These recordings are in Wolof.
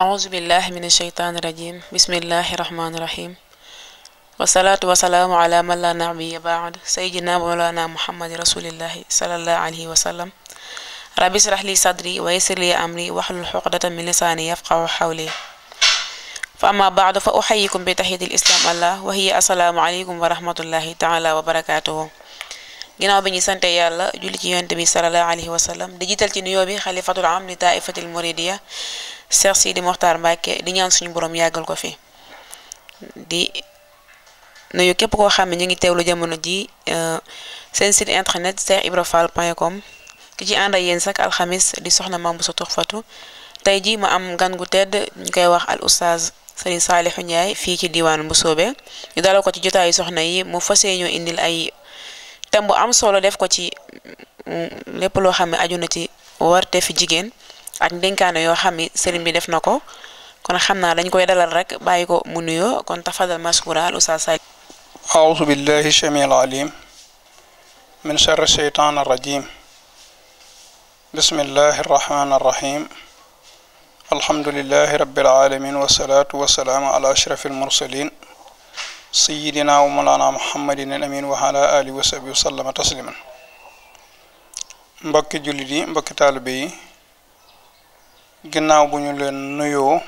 أعوذ بالله من الشيطان الرجيم بسم الله الرحمن الرحيم والصلاة والسلام على من لا نبي بعد سيدنا مولانا محمد رسول الله صلى الله عليه وسلم ربي اشرح لي صدري ويسر لي أمري واحلل عقدة من لساني يفقه حولي فأما بعد فأحييكم بتحية الإسلام الله وهي السلام عليكم ورحمة الله تعالى وبركاته ginaaw bi ñu sante yàlla julli ci الله عليه sallallahu alayhi wa sallam di jiital ci nuyoo bi Cheikh di Mokhtar Mbacke di ñaan suñu borom yàggal ko fi di nuyu képp koo xam ne ñu ngi teewlu jamono ji euh, seen site internet cheikhibrafall.com ki ci ànd ak yéen sax alxamis di soxna Mame Bousso Touhfatou tey ji ma am gan gu tedd ñu koy wax al oustaz Serigne Saliou fii ci diwaan bu soobe ñu dala ko ci jotaayu soxna yi mu fas ñoo indil ay thème bu am solo def ko ci mm, lépp loo xam ne aju na ci warte fi jigéen ak ndénkaane yoo xam ni sëriñ bi def na ko kon xam naa dañ koy dalal rek bàyyi ko mu nuyoo kon tafadal maskuura al ustaas Sali أعوذ بالله السميع العليم من شر الشيطان الرجيم بسم الله الرحمن الرحيم الحمد لله رب العالمين والصلاة والسلام على أشرف المرسلين سيدنا ومولانا محمد الأمين وعلى آله وصحبه وسلم تسليما مبكي جلدي مبكي طالبي ginnaaw bu ñu leen nuyoo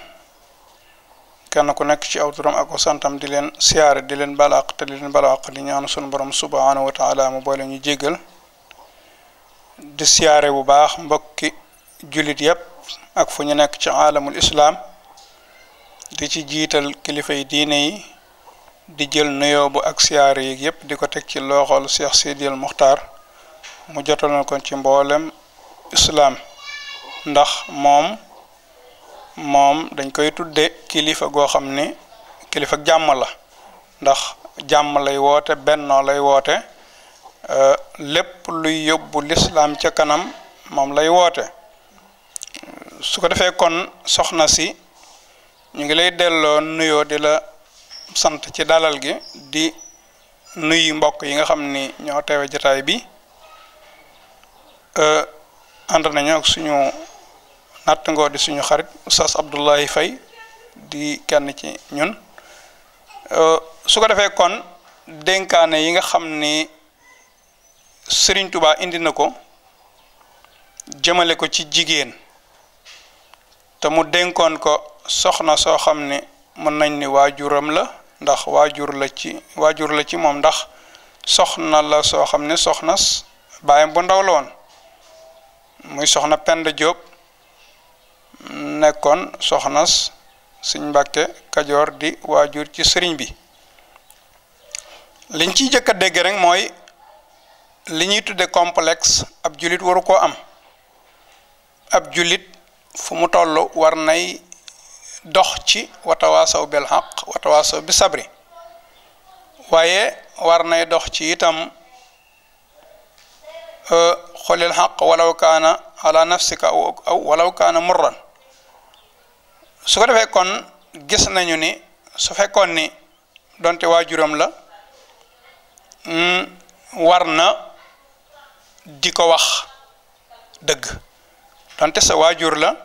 kenn ku nekk ci aw turam ak santam di leen siyaare di leen balaq te di leen balaq di ñaan sunu borom subhanahu wa taala mu boole ñu jéggal di siyaare bu baax mbokki julit yépp ak fu ñu nekk ci alamul islam di ci jiital kilifa yi diine yi di jël nuyoo bu ak siyaare yi yépp di ko teg ci loxol Cheikh Sidil Muxtaar mu jotal na ko ci mboolem islam ndax moom moom dañ koy tudde kilifa goo xam ni kilifa jàmm la ndax jàmm lay woote bennoo lay woote euh, lépp luy yóbbu lislaam ca kanam moom lay woote su ko defee kon soxna si ñu ngi lay delloo nuyoo di la sant ci dalal gi di nuyu mbokk yi nga xam ni ñoo teewe jataay bi euh, ànd nañu suñu nattangoo di suñu xarit Oustaz Abdoulaye Faye di kenn ci ñun euh, su ko defee kon dénkaane yi nga xam ni Serigne tubaa indi na ko jëmale ko ci jigéen te mu dénkoon ko soxna soo xam ni mën nañ ni waajuram la ndax waajur la ci waajur la ci moom ndax soxna la soo xam ne soxna baayam bu ndaw la woon muy soxna Penda Diop nekkoon soxnas suñ mbàkke kajoor di waajur ci sëriñ bi liñ ciy jëkk a dégg rek mooy li ñuy tudde complexe ab jullit waru koo am ab jullit fu mu toll war nay dox ci watawaasaw bil xaq watawaasaw bi sabri waaye war nay dox ci itam euh, xolil xaq walaw kaana ala nafsika aw walaw kaana murran su ko defee kon gis nañu ni su fekkoon ni donte waajuram la mm, war na di ko wax dëgg donte sa waajur la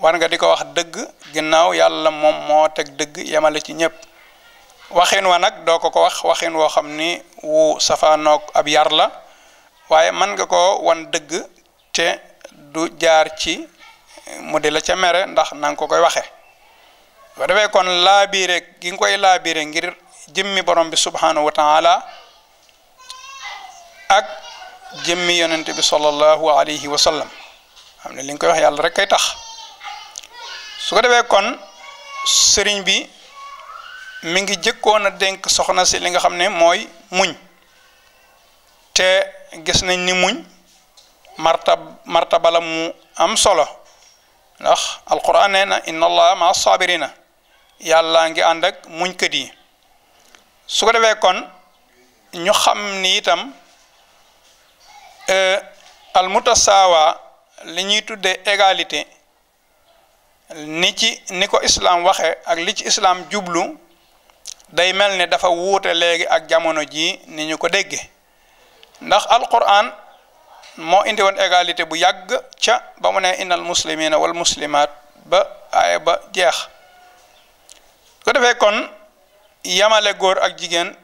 war nga di ko wax dëgg ginnaaw yàlla moom moo teg dëgg yemale ci ñépp waxin wa nag doo ko ko wax waxin woo xam ni wu safaanook ab yar la waaye mën nga ko wan dëgg te du jaar ci mu di la ca mere ndax na nga ko koy waxe bu defee kon laabiire gi nga koy laabiire ngir jëmmi borom bi subhanahu wa taala ak jëmmi yonent bi sallallahu alayhi wa sallam xam ne li nga koy wax yàlla rek kay tax su ko defee kon sëriñ bi mi ngi jëkkoon dénk soxna si li nga xam ne mooy muñ te gis nañ ni muñ marta bala mu am solo ndax alquran nee na inna allaha ma sabirina yàlla ngi ànd ak muñkat yi su ko defee kon ñu xam ni itam al mutasawa li ñuy tuddee égalité ni ci ni ko islam waxe ak li ci islam jublu day mel ne dafa wuute léegi ak jamono ji ni ñu ko dégge ndax alquran moo indiwoon woon égalité bu yàgg ca ba mu ne innal muslimina wal muslimaat ba aaya ba jeex ko defee kon yamale góor ak jigéen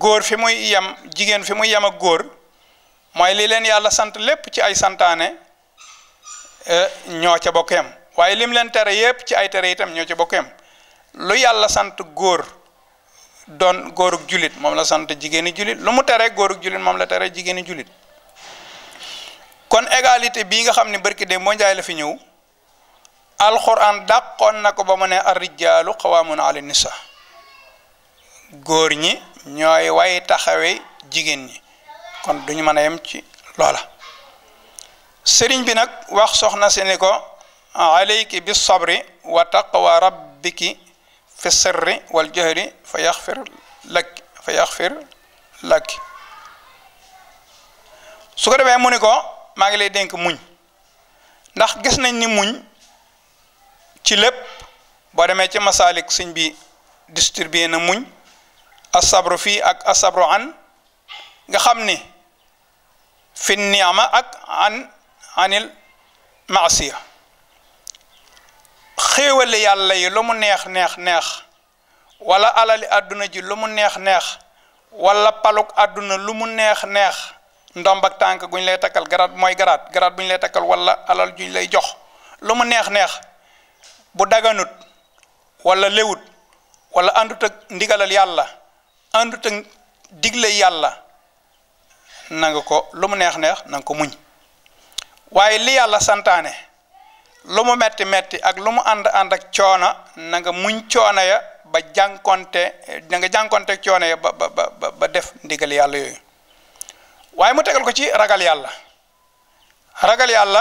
góor fi muy yem jigéen fi muy yem ak góor mooy li leen yàlla sant lépp ci ay santaane e, ñoo ca bokk yam waaye lim leen tere yépp ci ay tere itam ñoo ca bokk yam yàlla sant góor doon góorug julit moom la sant jigéeni julit lu mu tere góorug julit moom la tere jigéeni julit kon égalité bi nga xamni ne barki de moo la fi ñew alxuraan daqon nako ba mané ne arrijaalu qawaamun ala nisa góor ñi ñoy way taxawé jigen ñi kon duñu mëna yem ci lola sëriñ bi nak wax soxna si ko alayki bis sabri wa taqwa rabbiki fi sirri wal jahri fa lak. laki fa su ko mu maa ngi lay dénk muñ ndax gis nañ ni muñ ci lépp boo demee ci masaalik sëñ bi distribué na muñ asabro fii ak asabro an nga xam ni fi niama ak an anil maasiya xéewale yàlla yi lu mu neex neex neex wala alali àdduna ji lu mu neex neex wala paluk àdduna lu mu neex neex ndomb ak tànk guñ lay takkal garaat mooy garaat garaat bu ñu lay takkal wala alal juñ lay jox lu mu neex neex bu daganut walla lewut walla àndut ak ndigalal yàlla àndut ak digle yàlla nanga ko lu mu neex neex nanga ko muñ waaye li yàlla santaane lu mu metti metti ak lu mu ànd ànd ak coona nanga nga muñ coona ya ba jànkonte na nga jànkonte coona ya ba ba ba ba def ndigal yàlla yooyu waaye mu tegal ko ci ragal yàlla ragal yàlla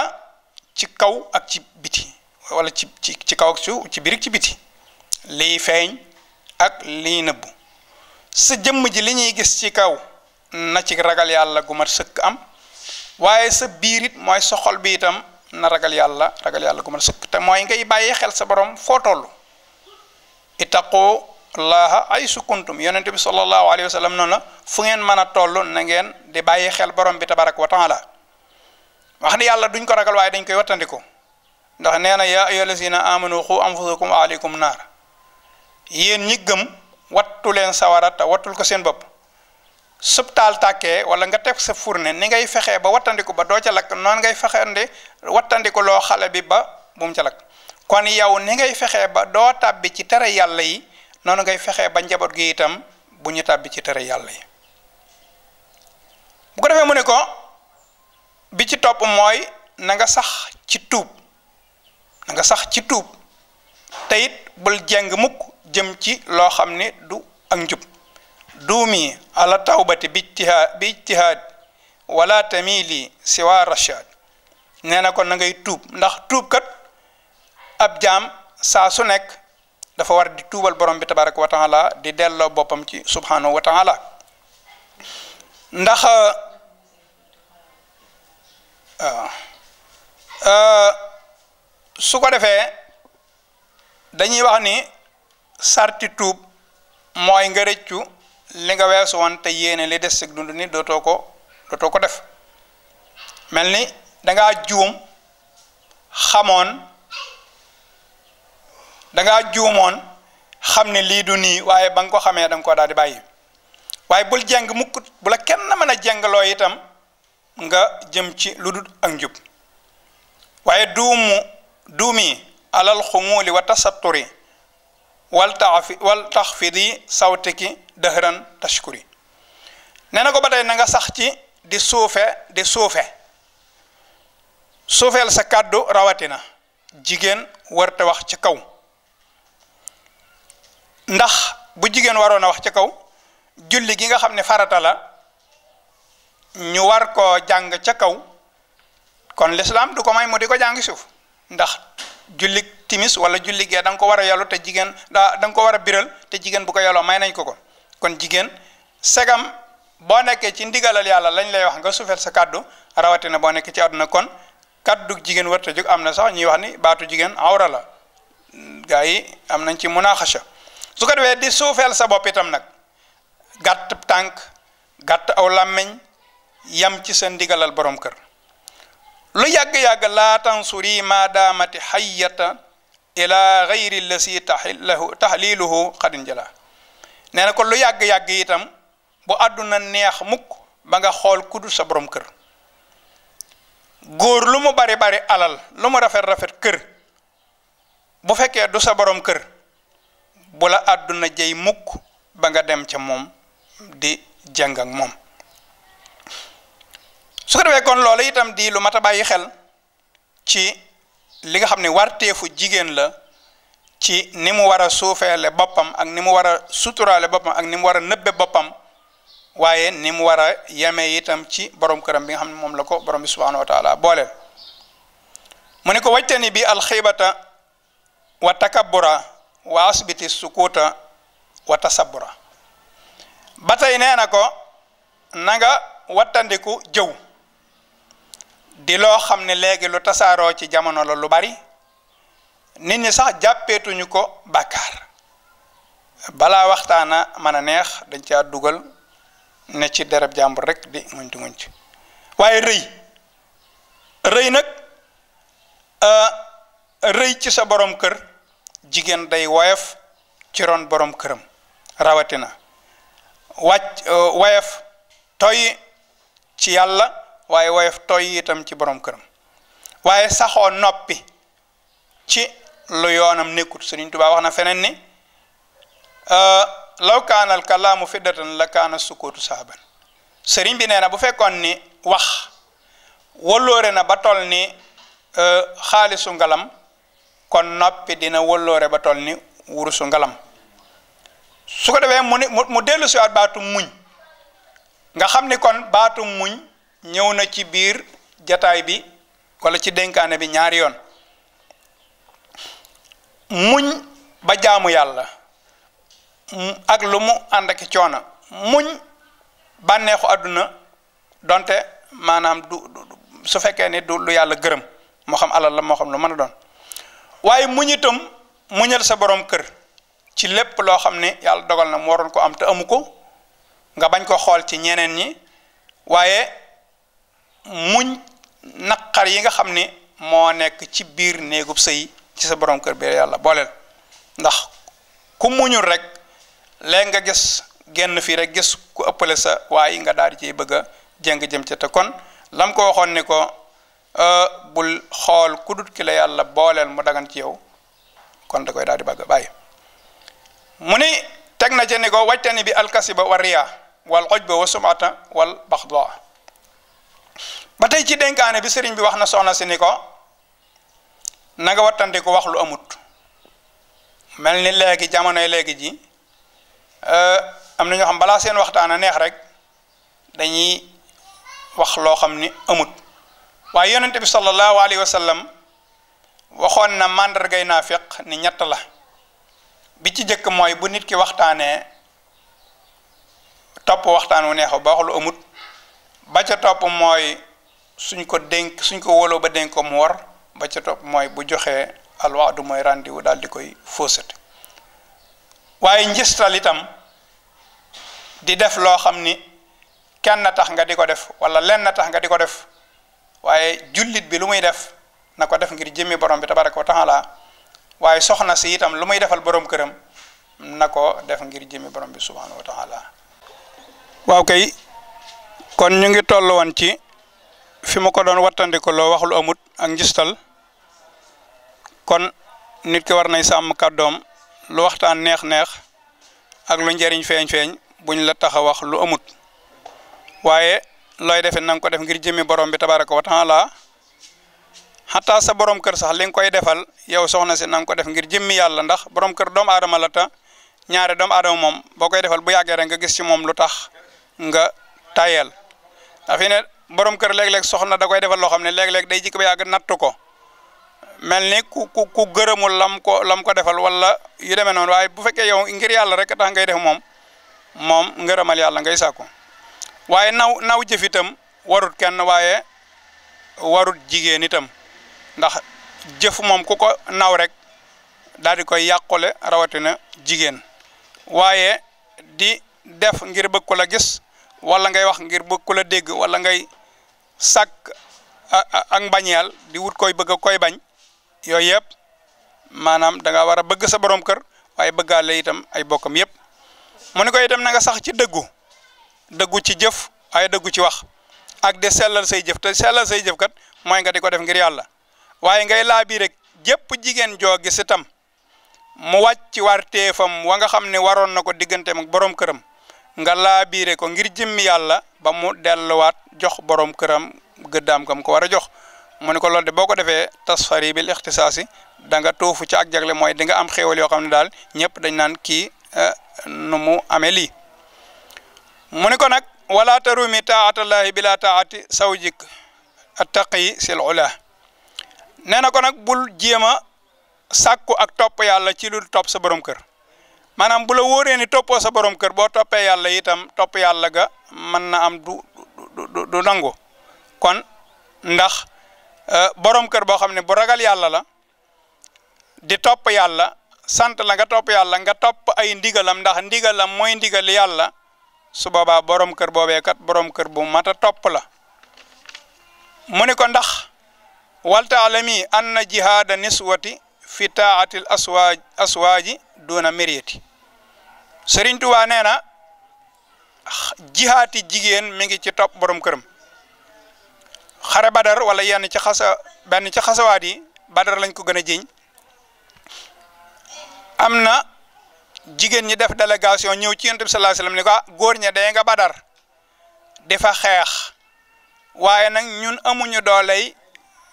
ci kaw ak ci biti wala ci ci ci kaw ak ci biir ci biti lii feeñ ak lii nëbbu sa jëmm ji li ñuy gis ci kaw na ci ragal yàlla gu mat sëkk am waaye sa biir it mooy sa xol itam na ragal yàlla ragal yàlla gu mat sëkk te mooy ngay bàyyi xel sa boroom foo toll itaqoo allaha ay sukuntum yonente bi sallallahu alayhi wa sallam noonu la fu ngeen mën a toll na ngeen di bàyyi xel borom bi tabarak wa la wax ne yàlla duñ ko ragal waaye dañ koy wattandiku ndax nee na yaa ayyuha lazina amanu xu anfusakum wa aleykum naar yéen ñi gëm wattu leen sawara te wattul ko seen bopp sub taal wala nga teg sa fourne ni ngay fexee ba wattandiku ba doo ca lakk noonu ngay fexeende wattandiku loo xale bi ba bu mu ca lakk kon yow ni ngay fexee ba doo tàbbi ci tere yàlla yi noonu ngay fexee ba njaboot gi itam bu ñu tàbbi ci tere yàlla yi bu ko defee mu ne ko bi ci topp mooy nanga sax ci tuub na sax ci tuub te it bul jeng mukk jëm ci loo xam ni du ak njub duumi ala tawbati bi ijtihaad bi ijtihaad wala tamili siwa rashad nee na kon na ngay tuub ndax tuub kat ab jaam saa su nekk dafa war di tuubal borom bi tabaraka wa taala di delloo boppam ci subhanahu wa taala ndax ah, ah, su ko defee dañuy wax ni sarti tuub mooy nga rëccu li nga weesu woon te yéene li des ak dund ni dootoo ko dootoo ko def mel ni dangaa juum xamoon da nga juumoon xam ne lii du nii waaye ba ko xamee da ko daal di bàyyi waaye bul jeng mukk bu la kenn mën a jengloo itam nga jëm ci lu ak njub waaye duumu duumi alal xumuuli wa tasatturi wal taxfi wal taxfidi sawtiki dëhëran tashkuri nee na ko ba tey na nga sax ci di suufe di suufe suufeel sa kàddu rawatina jigéen warte wax ci kaw ndax bu jigéen waroon a wax ci kaw julli gi nga xam ne farata la ñu war ko jàng ca kaw kon lislaam du ko may mu di ko jàng suuf ndax julli timis wala julli da nga ko war a yolu te jigéen da da ko war a biral te jigéen bu ko yoloo may nañ ko ko kon jigéen segam boo nekkee ci ndigalal yàlla lañ lay wax nga suufeel sa kaddu rawatina boo nekkee ci àdduna kon kaddu jigéen warta jeg am na sax ñuy wax ni baatu jigéen a la gaa yi am nañ ci munaaxasha su ko defee di suufeel sa bopp itam nag gàtt tànk gàtt aw làmmiñ yam ci sa ndigalal borom kër lu yàgg-yàgg laa tansuri ma daamati xayyata ila gayri lasi taxillahu taxliluhu xadin jala nee na ko lu yàgg-yàgg itam bu àdduna neex mukk ba nga xool kudu sa borom kër góor lu mu bari bari alal lu mu rafet rafet kër bu fekkee du sa borom kër bu la àdduna jëy mukk ba nga dem ca moom di jàng moom su ko defee kon loolu itam di lu mat a bàyyi xel ci li nga xam ne warteefu jigéen la ci ni mu war a suufeele boppam ak ni mu war a suturaale boppam ak ni mu war a nëbbe boppam waaye ni mu war a yemee itam ci borom këram bi nga xam ne moom la ko borom bi subhaanahu wa taala booleel mu ne ko wajtani bi alxiibata wa takabbura wa asbiti sukuta wa tasabbura ba tey nee na ko na nga wattandiku jëw di loo xam ne léegi lu tasaaroo ci jamono la lu bari nit ñi sax jàppeetuñu ko bàkkaar balaa waxtaana mën a neex dañ caa dugal ne ci dereb jàmbur rekk di ŋuñtu ŋuñtu waaye rëy rëy nag euh, rëy ci sa borom kër jigéen day woyof ci ron borom këram rawatina wàcc euh, woyof toy ci yàlla waaye woyof toy itam ci borom këram waaye saxoo noppi ci lu yoonam nekkut Sëriñ Tuubaa wax na feneen ni euh, law kaana al kalaamu fiddatan la kaana sukuutu saaban sëriñ bi nee bu fekkoon ni wax waloore na ba toll ni euh, xaalisu ngalam kon noppi dina wëlloore ba toll ni wurusu ngalam su ko defee mu ni mu dellu si siwaat baatum muñ nga xam ni kon baatum muñ ñëw na ci biir jataay bi walla ci dénkaane bi ñaari yoon muñ ba jaamu yàlla ak lu mu ànd ak coono muñ bànneexu adduna donte maanaam du su fekkee ni du lu yàlla gërëm moo xam alal la moo xam lu mën a doon waaye muñ itam muñal sa borom kër ci lépp loo xam ne yàlla dogal na mu waroon ko am te amu ko nga bañ koo xool ci ñeneen ñi waaye muñ naqar yi nga xam ni moo nekk ci biir néegub sëy ci sa borom kër bi yàlla booleel ndax ku muñul rekk léegi nga gis genn fii rek gis ku ëppale sa waaye nga daal di ciy bëgg a jéng jëm ca te kon lam ko waxoon ne ko Euh, bul xool ku dut ki yàlla booleel mu dagan ci yow kon da koy daal di bëgg bàyyi mu ni teg na ci ni ko wajtani bi alkasiba wa riya wal ujba wa sumata wal baxda ba tey ci dénkaane bi sëriñ bi wax na soxna si ni ko na nga wattandi ko wax amut mel ni léegi jamonoy léegi ji euh, am na ñoo xam balaa seen waxtaan a neex rek dañuy wax loo xam ni amut waaye yonente bi sallallahu alayhi wa sallam waxoon na màndargay naafiq ni ñett la bi ci jëkk mooy bu nit ki waxtaanee topp waxtaan wu neexu ba wax lu amut ba ca topp mooy suñ ko dénk suñ ko woloo ba dénk ko mu war ba ca topp mooy bu joxee alwaadu mooy rendez-vous daal di koy fóosate waaye njëstal itam di def loo xam ni kenn tax nga di ko def wala lenn tax nga di ko def waaye jullit bi lu muy def na ko def ngir jëmmi borom bi tabaraka wa taala waaye soxna si itam lu muy defal borom këram na ko def ngir jëmmi borom bi subhanahu wa taala waaw kay kon ñu ngi toll woon ci fi mu ko doon wattandiko loo waxul amut ak njistal kon nit ki war nay sàmm kàddoom lu waxtaan neex-neex ak lu njëriñ feeñ-feeñ buñ la tax wax lu amut waaye looy defe nang ko def ngir jëmi borom bi tabaraka wa taala xataa sa borom kër sax li nga koy defal yow soxna si nang ko def ngir jëmmi yàlla ndax borom kër doomu aadama la ta ñaare doomu aadama moom boo koy defal bu yàggee rek nga gis ci moom lu tax nga tayel ndax fi borom kër lek léeg soxna da koy defal loo xam ne léeg-léeg day jikk ba yàgg nattu ko mel ni ku ku ku gërëmul lam ko lam ko defal wala yu demee noonu waaye bu fekkee yow ngir yàlla rek tax ngay def moom moom ngërëmal yàlla ngay sàkku waaye naw naw jëf itam warut kenn waaye warut jigéen itam ndax jëf moom ku ko naw rek daal di koy yàqule rawatina jigéen waaye di def ngir bëgg ku la gis wala ngay wax ngir bëgg ku la dégg wala ngay sàkk ak mbañeel di wut koy bëgg koy bañ yooyu yëpp maanaam da nga war a bëgg sa borom kër waaye bëggaale itam ay bokkam yëpp mu ni ko itam nga sax ci dëggu dëggu ci jëf ay dëggu ci wax ak de sellal say jëf te sellal say jëf kat moy nga di def ngir yalla waye ngay laa bi rek jëpp jigen joo gis mu wacc wartefam wa nga xamne ne nako na ak borom kërëm nga bi rek ko ngir jëmmi yalla ba mu wat jox borom kërëm gëddam kam ko wara jox mu ne ko loolu de boko defé tasfari bil da nga tofu ci ak jagle moy di nga am xewal yo xamne dal daal dañ nan ki eh, numu mu mu ni ko nag wala tarumi taatallahi bila taati sawjik attaqi sil ula nee na ko nag bul jéem a sàkku ak topp yàlla ci lu topp sa borom kër maanaam bu la wóoree ni toppoo sa borom kër boo toppee yàlla itam topp yàlla ga mën na am du du du nangu kon ndax e, borom kër boo xam ne bu ragal yàlla la di topp yàlla sant la nga topp yàlla nga topp ay ndigalam ndax ndigalam mooy ndigal yàlla su boobaa borom kër boobee kat borom kër bu mat topp la mu ni ko ndax wal taalami anna jihaada niswati fi taatil aswaaj aswaaji duna mériyati Sëriñ Tuubaa nee na jihaati jigéen mi ngi ci topp borom këram xare badar wala yenn ci xasa benn ci xasawaat yi badar lañ ko gën a jiñ am na jigéen ñi def délégation ñëw ci yonent bi sallallahu alayhi wasallam ni ko ah góor ña dee nga badar di fa xeex waaye nag ñun amuñu dooley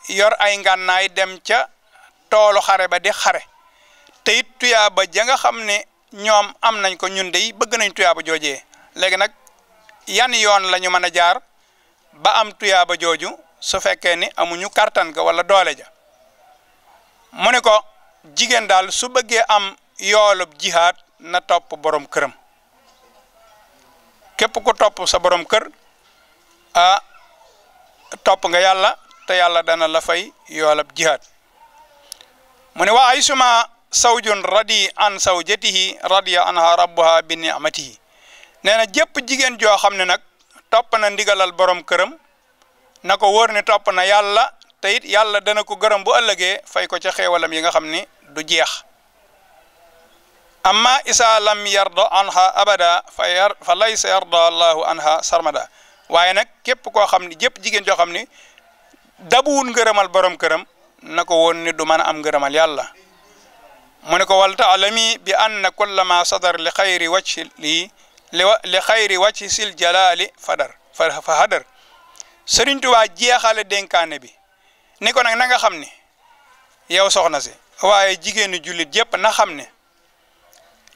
yor ay ngànnaay dem ca toolu xare ba di xare te it tuyaa ba ja nga xam ne ñoom am nañ ko ñun dey bëgg nañ tuyaa ba joojee léegi nag yan yoon la ñu mën a jaar ba am tuyaa ba jooju su fekkee ni amuñu kartan ga wala doole ja mu ne ko jigéen daal su bëggee am yoolub jihad, na topp borom këram képp ku topp sa borom kër a topp nga yàlla te yàlla dana la fay yoolub jihaad mu ne wa aysuma sawjun radi an sawjatihi radiya anha rabbuha bi ni'matihi neena na jëpp jigéen joo xam ne na ndigalal borom këram na ko wóor ne topp na yàlla te it yàlla dana ko gërëm bu ëllëgee fay ko ca xéewalam yi nga xam du jeex أما إذا لم يرضى عنها أبدا فير فليس يرضى الله عنها سرمدا waaye nag képp koo xam ni jëpp jigéen joo xam ni dabuwun ngërëmal borom këram na ko woon ni du mën a am ngërëmal yàlla mu ne ko wal taalami bi anna kulla ma sadar li xayri wacci lii li xayri wacci sil jalaali fadar fa hadar Sëriñ Tuubaa jeexale dénkaane bi ni ko nag na nga xam ni yow soxna si waaye jigéenu jullit jëpp na xam ne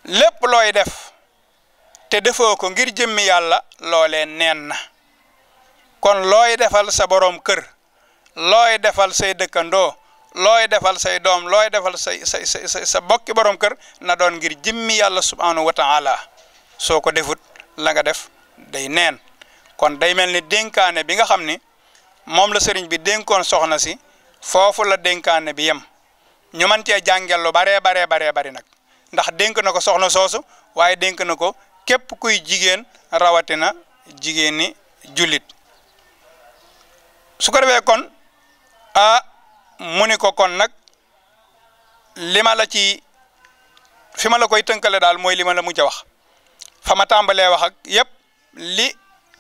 lépp looy def te defoo ko ngir jëmmi yàlla loolee neen na kon looy defal sa boroom kër looy defal say dëkkandoo looy defal say doom looy defal say sa bokki boroom kër na doon ngir jëmmi yàlla subhanahu wa taala soo ko defut la nga def day neen kon day mel ni dénkaane bi nga xam ni moom la sëriñ bi dénkoon soxna si foofu la dénkaane bi yem ñu mën cee jàngel lu baree baree baree bari nag ndax denk na ko soxna soosu waaye denk na ko képp kuy jigéen rawatina jigéen ni jullit su ko defee kon a mu ni ko kon nag lima ma la ci fi ma la koy tënkale daal mooy li ma la mujj wax fa ma tàmbalee wax ak li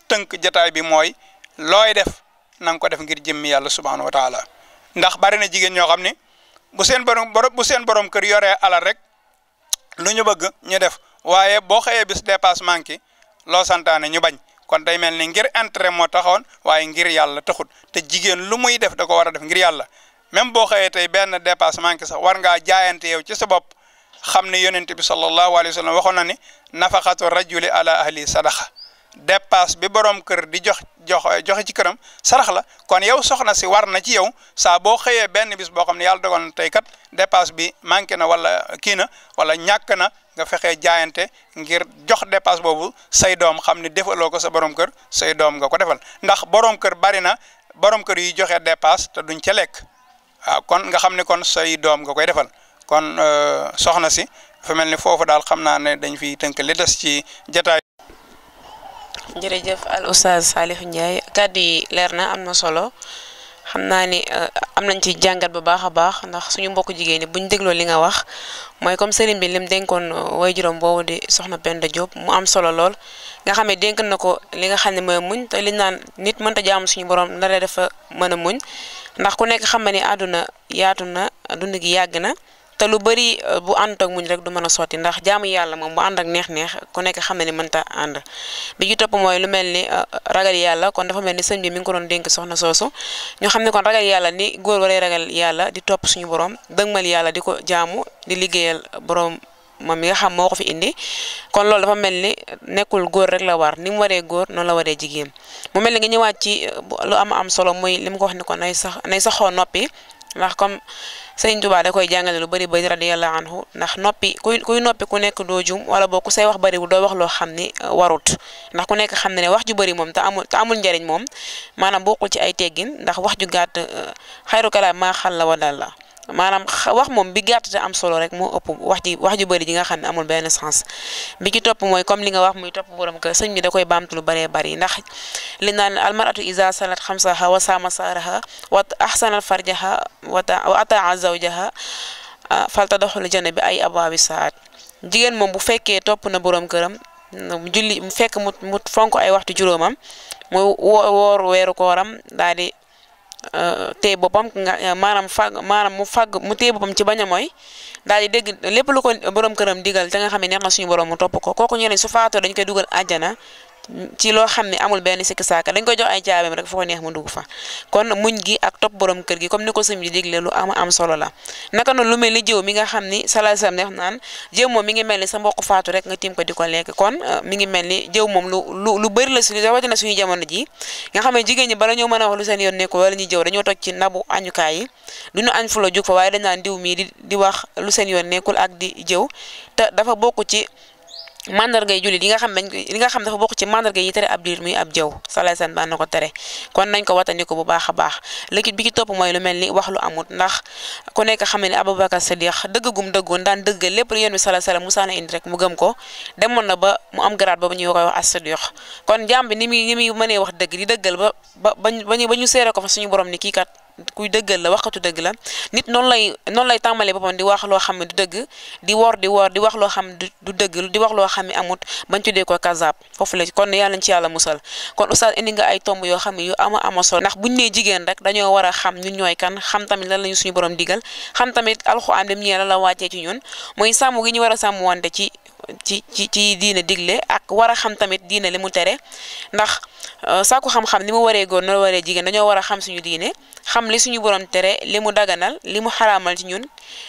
tënk jataay bi mooy looy def na ko def ngir jëmmi yàlla subhanahu wa taala ndax bari na jigéen ñoo xam bu seen borom bu seen borom kër yoree alal rek lu ñu bëgg ñu def waaye boo xëyee bis dépasse manqué loo santaane ñu bañ kon day mel ni ngir intérêt moo taxawoon waaye ngir yàlla taxut te jigéen lu muy def da ko war a def ngir yàlla même boo xëyee tey benn dépasse manqué sax war ngaa jaayante yow ci sa bopp xam ne yonent bi sallallahu alayhi wa sallam waxoon na ni nafaqatu rajuli ala ahli sadaqa dépasse bi borom kër di jox jox joxe ci këram sarax la kon yow soxna si war na ci yow saa boo xëyee benn bis boo xam ne yàlla dogal na tey kat dépasse bi manqué na wala kii na wala ñàkk na nga fexe jaayante ngir jox dépasse boobu say doom xam ne defaloo ko sa borom kër say doom nga ko defal ndax borom kër bari na borom kër yuy joxe dépasse te duñ ca lekk waaw kon nga xam ne kon say doom nga koy defal kon euh, soxna si fa mel ni foofu daal xam naa ne dañ fiy tënk li des ci jataay jërëjëf al oustaz Saliou Ndiaye kàddu yi leer na am na solo xam naa ni euh, am nañ ci jàngat bu baax a baax ndax suñu mbokk jigéen ñi ñu dégloo li nga wax mooy comme sëriñ bi lim dénkoon euh, way juróom boobu di soxna Penda Diop mu am solo lool nga xam ne dénk na ko li nga xam ne mooy muñ te liñ naan nit mënta jaamu suñu borom ndaree dafa mën a muñ ndax ku nekk xam ne ni àdduna yaatu na dund gi yàgg na te lu bëri euh, bu àndut ak muñ rek du mën a sotti ndax jaamu yàlla moom bu ànd ak neex-neex ku nekk xam ne ni mënta ànd bi ci topp mooy lu mel ni euh, ragal yàlla kon dafa mel ni sëñ bi mi ngi ko doon dénk soxna soosu ñu xam ne kon ragal yàlla ni góor waree ragal yàlla di topp suñu borom dëgmal yàlla di ko jaamu di liggéeyal borom moom mi nga xam moo ko fi indi kon loolu dafa mel ni nekkul góor rek la war ni mu waree góor noonu la waree jigéen mu mel ni nga ñëwaat ci lu am am solo muy li mu ko wax ni ko nay sax nay saxoo noppi ndax comme sëriñ Tuubaa da koy jàngale lu bari bari radiyallahu anhu ndax noppi kuy kuy noppi ku nekk doo jum wala boo ku say wax bariwul doo wax loo xam ni uh, warut ndax ku nekk xam ne ne wax ju bari moom te amul amul njariñ moom maanaam bokkul ci ay teggin ndax wax ju gàtt uh, xayru kalaam maa xalla wa dalla manam wax mom bi gattata am solo rek mo upp wax ji wax ji beuri ji nga xamne amul ben sens bi ci top moy comme li nga wax muy top borom kër sëñ bi da koy bamtu lu bare bare ndax li nan al maratu iza salat khamsaha wa sama saraha wa ahsana al farjaha wa ataa zawjaha falta doxul jana bi ay abwab saat jigen mom bu fekke top na borom keuram julli mu fekk mu fonko ay waxtu juromam mu wor weru koram dali Euh, téye boppam nga euh, maanaam fàgg maanaam mu fàgg mu téye boppam ci bañ a mooy daal di dégg lépp lu ko borom këram digal te nga xam ne neex na suñu borom mu topp ko kooku ñu ne su faatoo dañ koy dugal ajana ci loo xam ne amul benn sikki saaka dañ koy jox ay caabeem rek foo ko neex mu dugg fa kon muñ gi ak topp borom kër gi comme ni ko sëñ bi digle lu am am solo la naka noonu lu mel ni jëw moom faatu rek nga tiim ko di ko lekk kon euh, mi ngi mel ni jëw moom lu lu lu bëri la suñu rawatina suñu jamono ji nga xam ne jigéen ñi bala ñoo mën a wax lu seen yoon nekkul wala ñu jëw dañoo toog ci nabu añukaay yi du ñu añ fu la jug fa waaye dañ naan diw mii di di wax lu seen yoon nekkul ak di jëw te dafa bokk ci mandarga yi jullit yi nga xam dañ li nga xam bokk ci mandarga yi tere ab diir muy ab jaww salaay san baan na ko tere kon nañ ko watandiku bu baax a baax lëkkit bi ci topp mooy lu mel ni wax lu amut ndax ku nekk xam ne ne Abubakar Sadiq dëgg gum dëggoon daan dëgg lépp lu yéen bi salaay salaam musaana indi rek mu gëm ko demoon na ba mu am garaat boobu ñuy koy wax as kon jàmm bi ni muy ni muy mënee wax dëgg di dëggal ba ba ba ñu ba ñu seere ko fa suñu borom ni kii kat kuy dëggal la waxatu dëgg la nit noonu lay noonu lay di wax loo xam ne du dëgg di wor di wor di wax loo xam ne du dëgg di wax loo xam ne amut bañ tuddee ko kazab foofu la kon yàlla nañ ci yàlla musal kon oustaz indi nga ay tomb yoo xam ne yu ama ama solo ndax bu buñ nee jigéen rek dañoo war a xam ñun ñooy kan xam tamit lan lañu suñu borom digal xam tamit alxuraan dem ñee la la wàccee ci ñun mooy sàmm gi ñu war sàmm wante ci ci ci ci diine digle ak war a xam tamit diine li mu tere ndax euh, sàkku xam-xam ni mu waree góor noonu waree jigéen dañoo war a xam suñu diine xam li suñu borom tere li mu daganal li mu xaraamal ci ñun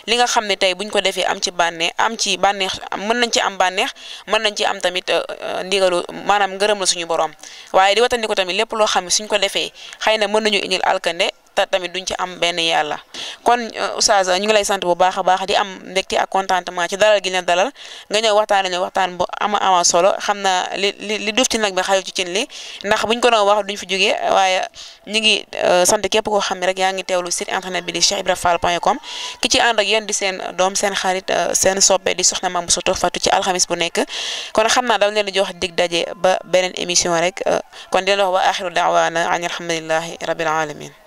li nga xam ne tey buñ ko defee am ci bànneex am ci bànneex mën nañ ci am bànneex mën nañ ci am tamit euh, euh, ndigalu maanaam ngërëm la suñu borom waaye di watandi ko tamit lépp loo xam ne suñ ko defee xëy na mën nañu indil alkande te tamit duñ ci am benn yàlla kon euh, oustaz ñu ngi lay sant bu baax a baax di am ndekki ak contentement ci dalal gi ne dalal nga ñëw waxtaan ne waxtaan bu ama ama solo xam na li li li duuf ci nag bi xayu ci cin li ndax buñ ko doon wax duñ fi jógee waaye ñu ngi euh, sant képp koo xam ne rek yaa ngi teewlu site internet bi di cheikhibrafall.com ki ci ànd ak yéen di seen doom seen xarit euh, seen soppe di soxna Mame Bousso soto Fatou ci alxamis bu nekk kon xam naa dama leen di jox dig daje ba beneen émission rek kon di leen wax wa axiru daawaana an alhamdulilahi rabil alamin